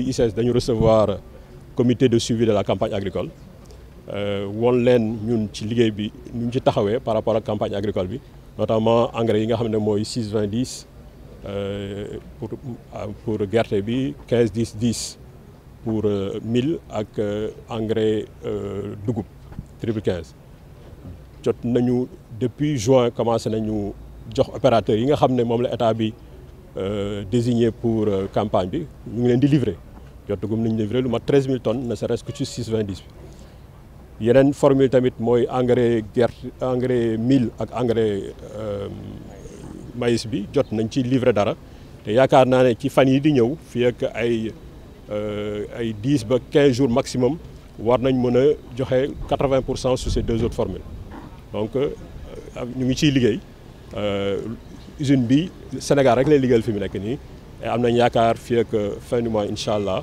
fii ICS dañu recevoir comité de suivi de la campagne agricole euh, woon leen ñun ci liggéey bi ñu ci taxawee par rapport à la campagne agricole bi notamment engrais yi nga xam ne mooy 6 20 10 pour euh, pour gerte bi 15 10 10 pour euh, mil ak engrais dugub triple 15 jot nañu depuis juin commencé nañu jox opérateur yi nga xam ne moom la état bi désigné pour campagne bi ñu ngi leen di livrer jotagum nañ livré 13 000 13000 tonnes ne serait-ce que Il y a une formule tamit est engrais anglais engrais mil ak engrais euh, maïs bi jot nañ ci livré dara te yaakaar naa ne ci fan yi di ñëw ak 10 euh, ba 15 jours maximum war nañ a 80 sur ces deux autres formules donc euh, ñu ngi ciy euh, usine bi Sénégal rek lay liggéeyal fi mu nekk nii am nous yaakaar fii ak fin du mois inshallah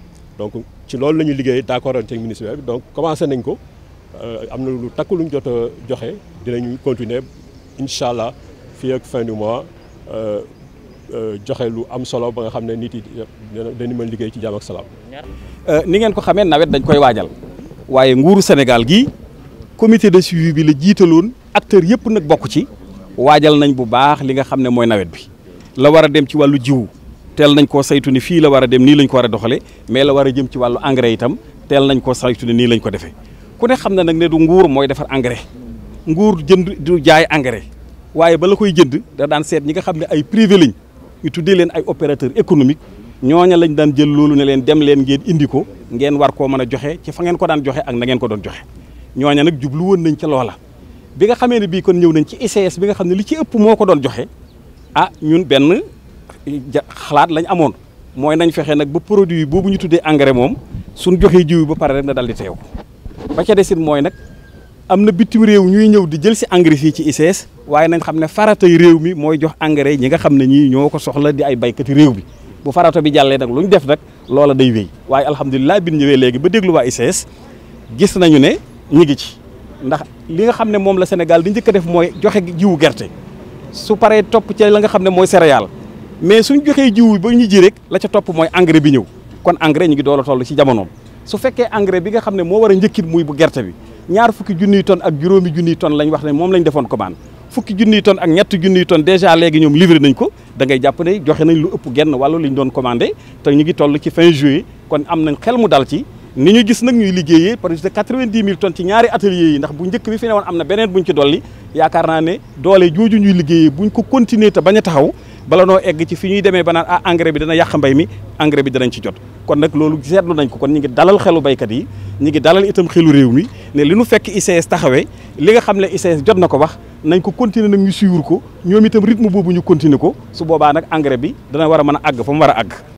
donc ci loolu la ñu liggéey d' accord ak ministère bi donc commencé nañ ko euh, am na lu takku lu ñu jot a joxe dinañu continuer incha allah fii ak fin du mois euh, euh, joxe lu am solo ba nga xam ne nit yi dañu mën liggéey ci jàmm ak salaam. ni ngeen ko xamee nawet dañ koy waajal waaye nguuru Sénégal gi comité de suivi bi la jiitaloon acteurs yépp nag bokk ci waajal nañ bu baax li nga xam ne mooy nawet bi la war a dem ci wàllu jiwu. teel nañ koo saytu ni fii la war a dem nii lañ ko war a doxalee mais la war a jëm ci wàllu engrais itam teel nañ ko saytu ni nii lañ ko defee ku ne xam ne nag ne du nguur mooy defar engrais nguur jënd du jaay engrais waaye ba la koy jënd da daan seet ñi nga xam ne ay privé lañ ñu tuddee leen ay opérateur économique ñooña lañ daan jël loolu ne leen dem leen ngeen indi ko ngeen war koo mën a joxe ci fangeen ko daan joxe ak na ngeen ko doon joxe ñooña nag jublu woon nañ ca loola bi nga xamee ne bii kon ñëw nañ ci ICS bi nga xam ne li ci ëpp moo ko doon joxe ah ñun benn xalaat lañ amoon mooy nañ fexe nag ba produit boobu ñu tuddee engrais moom suñ joxee jiw ba pare rek na dal di teew ba ca desit mooy nag am na bitim réew ñuy ñëw di jël si engrais fii ci ICS waaye nañ xam ne faratay réew mi mooy jox engrais ñi nga xam ne ñii ñoo ko soxla di ay baykati réew bi bu farata bi jàllee nag lu ñu def nag loola day wéy waaye alhamdulilah bi ñëwee léegi ba déglu waa ICS gis nañu ne ñu ngi ci ndax li nga xam ne moom la Sénégal di njëkk a def mooy joxe jiwu gerte su paree topp ci la nga xam ne mooy céréale mais suñ joxee jiw ba ñu ji rek la ca topp mooy engrais bi ñëw kon engrais ñu ngi dool a ci jamonoom su fekkee engrais bi nga xam ne moo war a njëkkit muy bu gerte bi ñaar fukki junniy tonnes ak juróomi junniy tonnes lañ wax ne moom lañ defoon commande fukki junniy tonnes ak ñetti junniy tonnes déjà léegi ñoom livré nañ ko da ngay jàpp ne joxe nañ lu ëpp genn wàllu li ñu doon commandé te ñu ngi toll ci fin juillet kon am nañ xel mu dal ci ni ñu gis nag ñuy liggéeyee par exemple quatre-vingt-dix mille tonnes ci ñaari ateliers yi ndax bu njëkk bi fi ne woon am ne doole jooju ñuy liggéeyee buñ ko continuer te bañ a taxaw bala noo egg ci fi ñuy demee ba naan ah engrais bi dana yàq mbay mi engrais bi danañ ci jot kon nag loolu seetlu nañ ko kon ñu ngi dalal xelu baykat yi ñu ngi dalal itam xelu réew mi ne li nu fekk ICS taxawee li nga xam ne ICS jot na ko wax nañ ko continuer nag ñu siwur ko ñoom itam rythme boobu ñu continuer ko su boobaa nag engrais bi dana war mën a àgg fa mu war a àgg